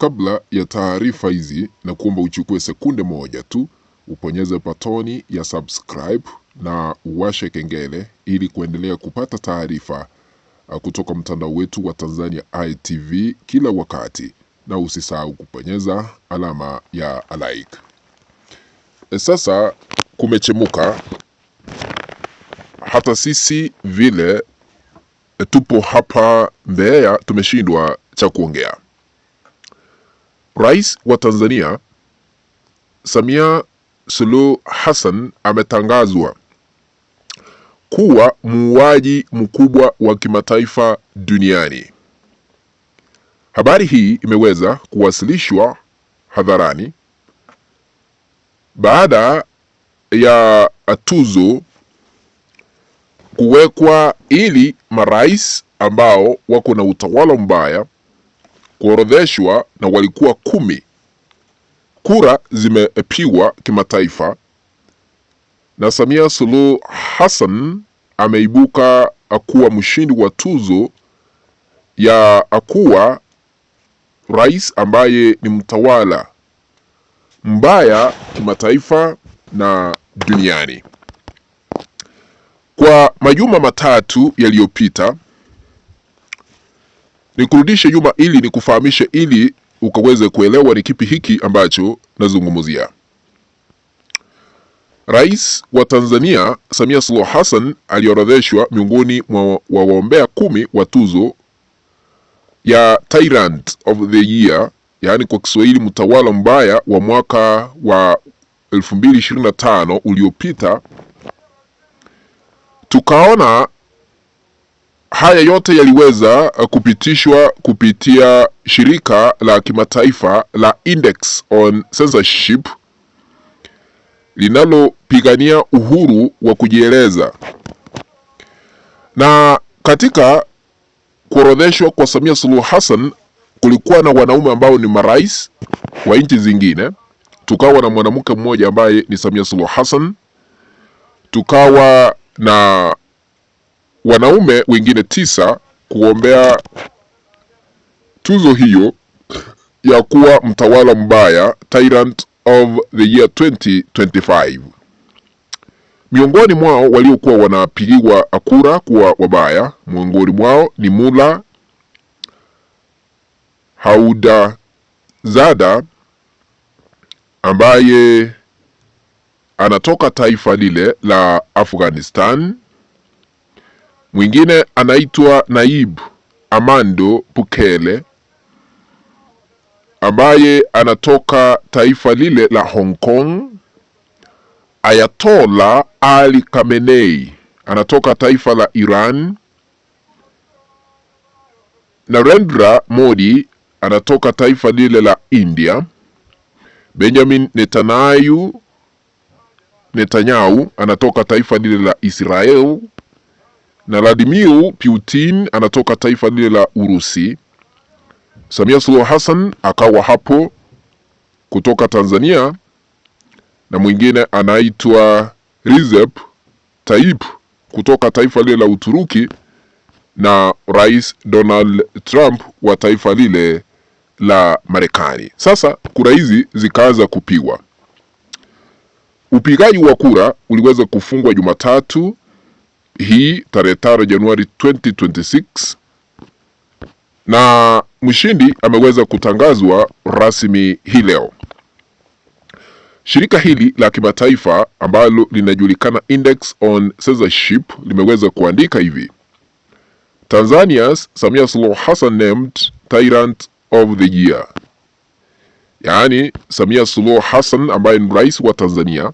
Kabla ya taarifa hizi, na kuomba uchukue sekunde moja tu uponyeze patoni ya subscribe na uwashe kengele ili kuendelea kupata taarifa ah, kutoka mtandao wetu wa Tanzania itv kila wakati, na usisahau kuponyeza alama ya like. E, sasa kumechemuka, hata sisi vile e, tupo hapa Mbeya tumeshindwa cha kuongea. Rais wa Tanzania Samia Suluhu Hassan ametangazwa kuwa muuaji mkubwa wa kimataifa duniani. Habari hii imeweza kuwasilishwa hadharani baada ya tuzo kuwekwa ili marais ambao wako na utawala mbaya kuorodheshwa na walikuwa kumi. Kura zimepigwa kimataifa na Samia Suluhu Hassan ameibuka akuwa mshindi wa tuzo ya akuwa rais ambaye ni mtawala mbaya kimataifa na duniani. Kwa majuma matatu yaliyopita Nikurudishe nyuma ili nikufahamishe, ili ukaweze kuelewa ni kipi hiki ambacho nazungumzia. Rais wa Tanzania Samia Suluhu Hassan aliorodheshwa miongoni mwa waombea kumi wa tuzo ya Tyrant of the Year, yaani kwa Kiswahili mtawala mbaya wa mwaka wa 2025 uliopita, tukaona Haya yote yaliweza uh, kupitishwa kupitia shirika la kimataifa la Index on Censorship linalopigania uhuru wa kujieleza. Na katika kuorodheshwa kwa Samia Suluhu Hassan kulikuwa na wanaume ambao ni marais wa nchi zingine, tukawa na mwanamke mmoja ambaye ni Samia Suluhu Hassan, tukawa na wanaume wengine tisa kuombea tuzo hiyo ya kuwa mtawala mbaya tyrant of the year 2025. Miongoni mwao waliokuwa wanapigiwa akura kuwa wabaya, miongoni mwao ni Mula Haudazada ambaye anatoka taifa lile la Afghanistan Mwingine anaitwa naib Amando Bukele ambaye anatoka taifa lile la Hong Kong. Ayatola Ali Khamenei anatoka taifa la Iran. Narendra Modi anatoka taifa lile la India. Benjamin Netanyahu Netanyahu anatoka taifa lile la Israel na Vladimir Putin anatoka taifa lile la Urusi. Samia Suluhu Hassan akawa hapo kutoka Tanzania, na mwingine anaitwa Recep Tayyip kutoka taifa lile la Uturuki, na Rais Donald Trump wa taifa lile la Marekani. Sasa kura hizi zikaanza kupigwa. Upigaji wa kura uliweza kufungwa Jumatatu hii tarehe tano Januari 2026 na mshindi ameweza kutangazwa rasmi hii leo. Shirika hili la kimataifa ambalo linajulikana Index on Censorship limeweza kuandika hivi: Tanzania's Samia Suluhu Hassan named Tyrant of the Year. Yaani Samia Suluhu Hassan ambaye ni rais wa Tanzania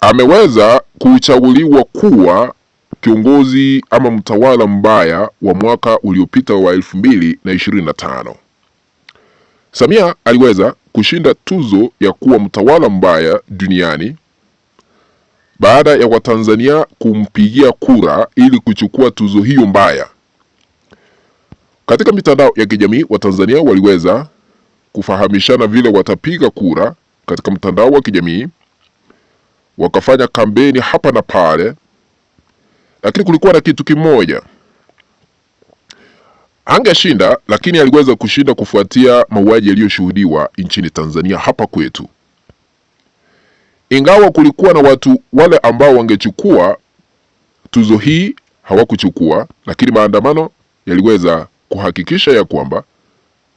ameweza kuchaguliwa kuwa kiongozi ama mtawala mbaya wa mwaka uliopita wa elfu mbili na ishirini na tano. Samia aliweza kushinda tuzo ya kuwa mtawala mbaya duniani baada ya Watanzania kumpigia kura ili kuchukua tuzo hiyo mbaya. Katika mitandao ya kijamii, Watanzania waliweza kufahamishana vile watapiga kura katika mtandao wa kijamii wakafanya kampeni hapa na pale, lakini kulikuwa na kitu kimoja, angeshinda lakini aliweza kushinda kufuatia mauaji yaliyoshuhudiwa nchini Tanzania hapa kwetu, ingawa kulikuwa na watu wale ambao wangechukua tuzo hii hawakuchukua, lakini maandamano yaliweza kuhakikisha ya kwamba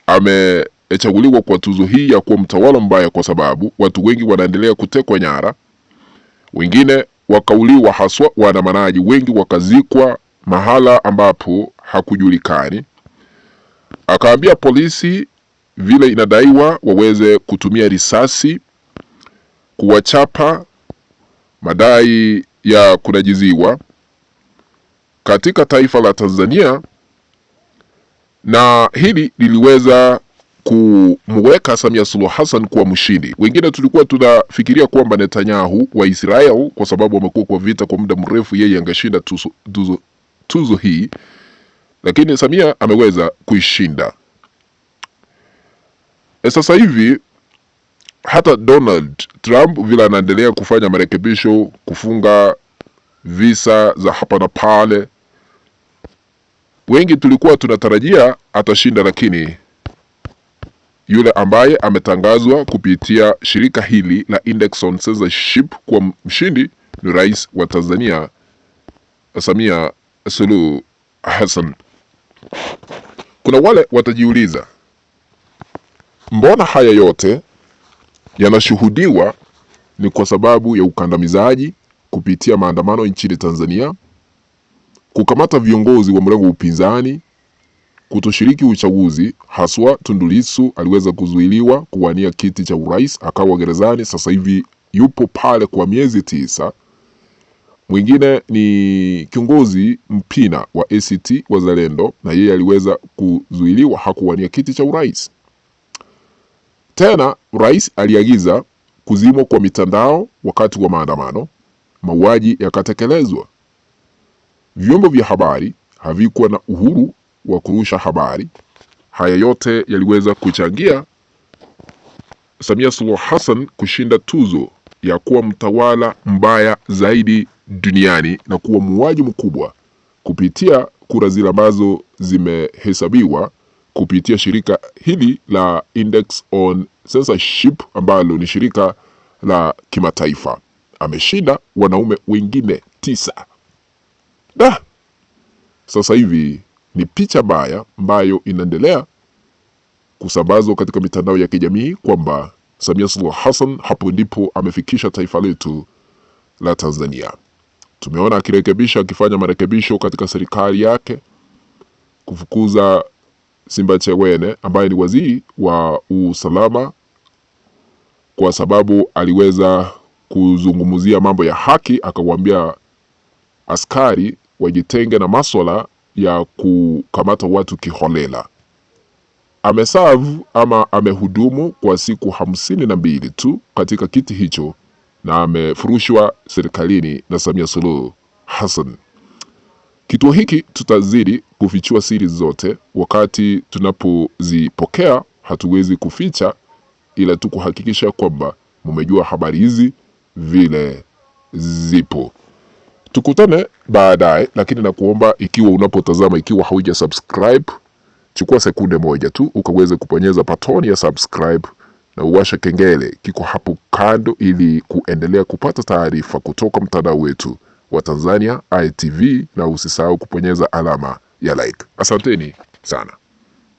amechaguliwa kwa tuzo hii ya kuwa mtawala mbaya, kwa sababu watu wengi wanaendelea kutekwa nyara wengine wakauliwa, haswa waandamanaji wengi wakazikwa mahala ambapo hakujulikani. Akaambia polisi vile inadaiwa waweze kutumia risasi kuwachapa, madai ya kunajiziwa katika taifa la Tanzania, na hili liliweza kumweka Samia Suluhu Hassan kuwa mshindi. Wengine tulikuwa tunafikiria kwamba Netanyahu wa Israel, kwa sababu amekuwa kwa vita kwa muda mrefu, yeye angeshinda tuzo, tuzo, tuzo hii, lakini Samia ameweza kuishinda. E, sasa hivi hata Donald Trump vile anaendelea kufanya marekebisho, kufunga visa za hapa na pale, wengi tulikuwa tunatarajia atashinda, lakini yule ambaye ametangazwa kupitia shirika hili la Index on Censorship kuwa mshindi ni Rais wa Tanzania Samia Suluhu Hassan. Kuna wale watajiuliza, mbona haya yote yanashuhudiwa? Ni kwa sababu ya ukandamizaji kupitia maandamano nchini Tanzania, kukamata viongozi wa mrengo upinzani kutoshiriki uchaguzi. Haswa Tundu Lissu aliweza kuzuiliwa kuwania kiti cha urais akawa gerezani, sasa hivi yupo pale kwa miezi tisa. Mwingine ni kiongozi Mpina wa ACT Wazalendo, na yeye aliweza kuzuiliwa, hakuwania kiti cha urais tena. Rais aliagiza kuzimwa kwa mitandao wakati wa maandamano, mauaji yakatekelezwa, vyombo vya habari havikuwa na uhuru wa kurusha habari. Haya yote yaliweza kuchangia Samia Suluhu Hassan kushinda tuzo ya kuwa mtawala mbaya zaidi duniani na kuwa muuaji mkubwa kupitia kura zile ambazo zimehesabiwa kupitia shirika hili la Index on Censorship ambalo ni shirika la kimataifa. Ameshinda wanaume wengine tisa. Da, sasa hivi ni picha baya ambayo inaendelea kusambazwa katika mitandao ya kijamii kwamba Samia Suluhu Hassan hapo ndipo amefikisha taifa letu la Tanzania. Tumeona akirekebisha akifanya marekebisho katika serikali yake kufukuza Simba Chawene ambaye ni waziri wa usalama kwa sababu aliweza kuzungumzia mambo ya haki, akawaambia askari wajitenge na maswala ya kukamata watu kiholela. Amesavu ama amehudumu kwa siku hamsini na mbili tu katika kiti hicho na amefurushwa serikalini na Samia Suluhu Hassan. Kituo hiki tutazidi kufichua siri zote, wakati tunapozipokea hatuwezi kuficha, ila tu kuhakikisha kwamba mumejua habari hizi vile zipo. Tukutane baadaye, lakini nakuomba ikiwa unapotazama, ikiwa hauja subscribe, chukua sekunde moja tu ukaweze kuponyeza patoni ya subscribe na uwashe kengele, kiko hapo kando, ili kuendelea kupata taarifa kutoka mtandao wetu wa Tanzania ITV, na usisahau kuponyeza alama ya like. Asanteni sana.